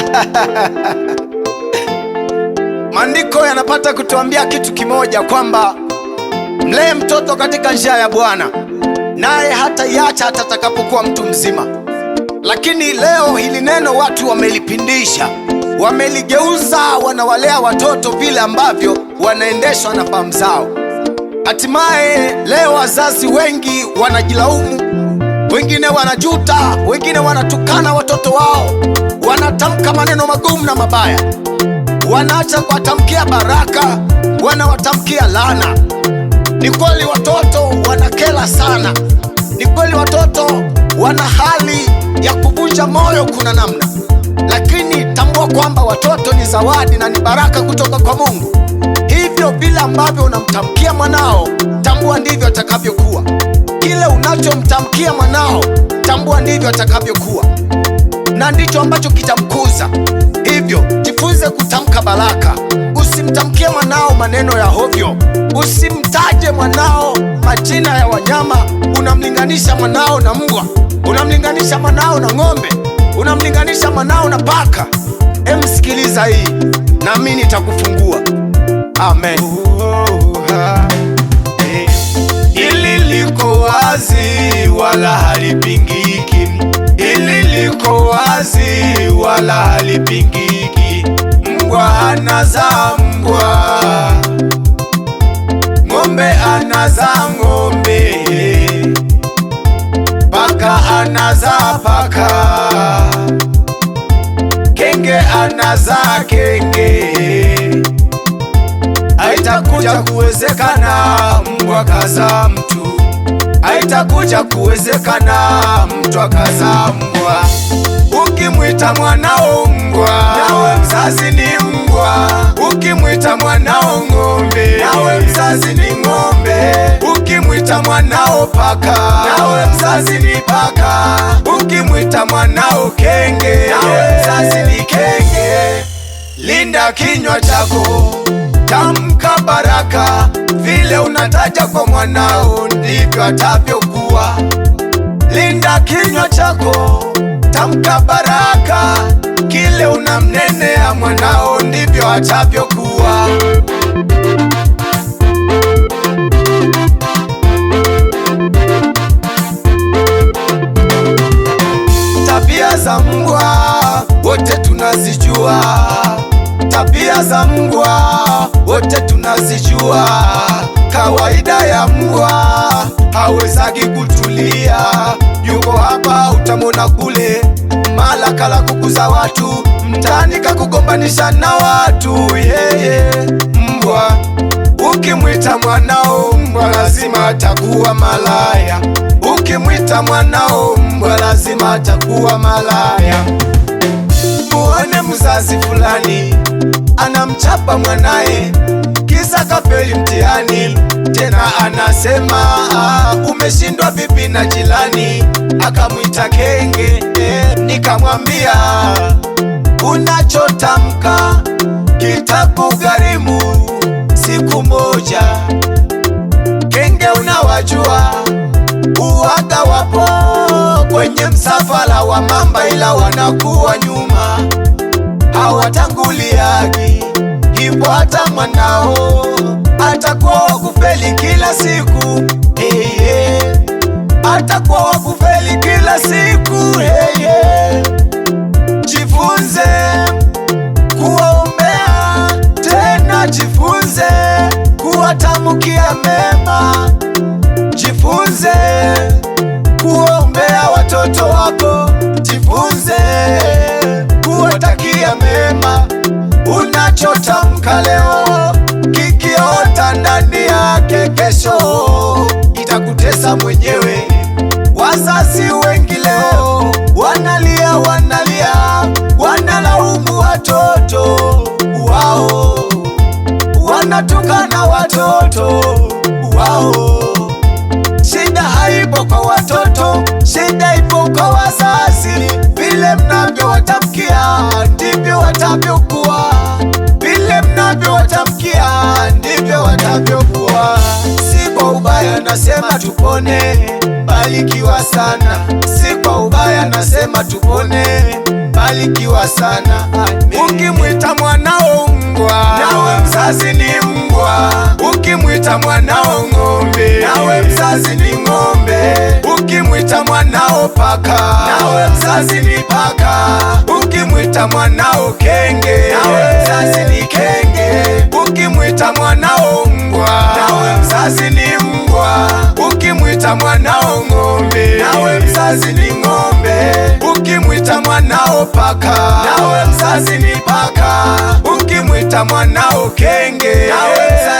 Maandiko yanapata kutuambia kitu kimoja kwamba mlee mtoto katika njia ya Bwana, naye hataiacha hata atakapokuwa mtu mzima. Lakini leo hili neno watu wamelipindisha, wameligeuza, wanawalea watoto vile ambavyo wanaendeshwa na fahamu zao. Hatimaye leo wazazi wengi wanajilaumu, wengine wanajuta, wengine wanatukana watoto wao wanatamka maneno magumu na mabaya, wanaacha kuwatamkia baraka, wanawatamkia laana. Ni kweli watoto wanakela sana, ni kweli watoto wana hali ya kuvunja moyo, kuna namna lakini tambua kwamba watoto ni zawadi na ni baraka kutoka kwa Mungu. Hivyo vile ambavyo unamtamkia mwanao, tambua ndivyo atakavyokuwa. Kile unachomtamkia mwanao, tambua ndivyo atakavyokuwa na ndicho ambacho kitamkuza. Hivyo jifunze kutamka baraka. Usimtamkie mwanao maneno ya hovyo, usimtaje mwanao majina ya wanyama. Unamlinganisha mwanao na mbwa, unamlinganisha mwanao na ng'ombe, unamlinganisha mwanao na paka. Emsikiliza hii, nami nitakufungua. Amen. Eh, hili liko wazi, wala halipingiki halipingiki, mbwa anaza mbwa, ng'ombe anaza ng'ombe, paka anaza paka, kenge anaza kenge. Haitakuja kuwezekana mbwa kaza mtu, haitakuja kuwezekana mtu akazaa mbwa. Ukimwita mwanao mbwa, nawe mzazi ni mbwa. Ukimwita mwanao ng'ombe, nawe mzazi ni ng'ombe. Ukimwita mwanao paka, nawe mzazi ni paka. Ukimwita mwanao kenge, nawe mzazi ni kenge. Linda kinywa chako, tamka baraka. Vile unataja kwa mwanao ndivyo atavyokuwa. Linda kinywa chako Tamka baraka, kile unamnenea mwanao ndivyo atavyokuwa. Tabia za mbwa wote tunazijua, tabia za mbwa wote tunazijua. Kawaida ya mbwa hawezagi kutulia, yuko hapa utamona kule kala la kukuza watu mtani, kakugombanisha na watu yeye, yeah, yeah. Mbwa ukimwita mwanao mbwa lazima atakuwa malaya, ukimwita mwanao mbwa lazima atakuwa malaya. Muone mzazi fulani anamchapa mwanaye kisa kapeli mtihani, tena anasema ah, umeshindwa vipi na jilani akamwita kenge eh, nikamwambia unachotamka kitakugharimu siku moja. Kenge unawajua uwaga, wapo kwenye msafara wa mamba, ila wanakuwa nyuma, hawatanguliagi. Hivyo hata mwanao atakuwa wakufeli kila siku, eh, eh, atakuwa wakufeli siku hey, jifuze Jifunze kuwaombea tena, jifunze kuwatamkia mema, jifunze kuwaombea watoto wako, jifunze kuwatakia mema. Unachotamka leo kikiota ndani yake, kesho itakutesa mwenyewe. Wasasi wengi leo wanalia, wanalia, wanalaumu watoto wao, wanatukana watoto wao. Shida haipo kwa watoto, shida ipo kwa wasasi. Vile mnavyowatamkia ndivyo watavyokuwa, vile mnavyowatamkia ndivyo watavyokuwa nasema tupone, barikiwa sana, si kwa ubaya, nasema tupone, barikiwa sana. Ukimwita mwanao mbwa, nawe mzazi ni mbwa. Ukimwita mwanao ng'ombe, nawe mzazi ni ng'ombe. Ukimwita mwanao paka, nawe mzazi ni paka. Ukimwita mwanao kenge, nawe mzazi ni kenge. Ukimwita mwanao mzazi ni mbwa, ukimwita mwanao ng'ombe, nawe mzazi ni ng'ombe. Ukimwita mwanao paka, nawe mzazi ni paka. Ukimwita mwanao kenge, nawe mzazi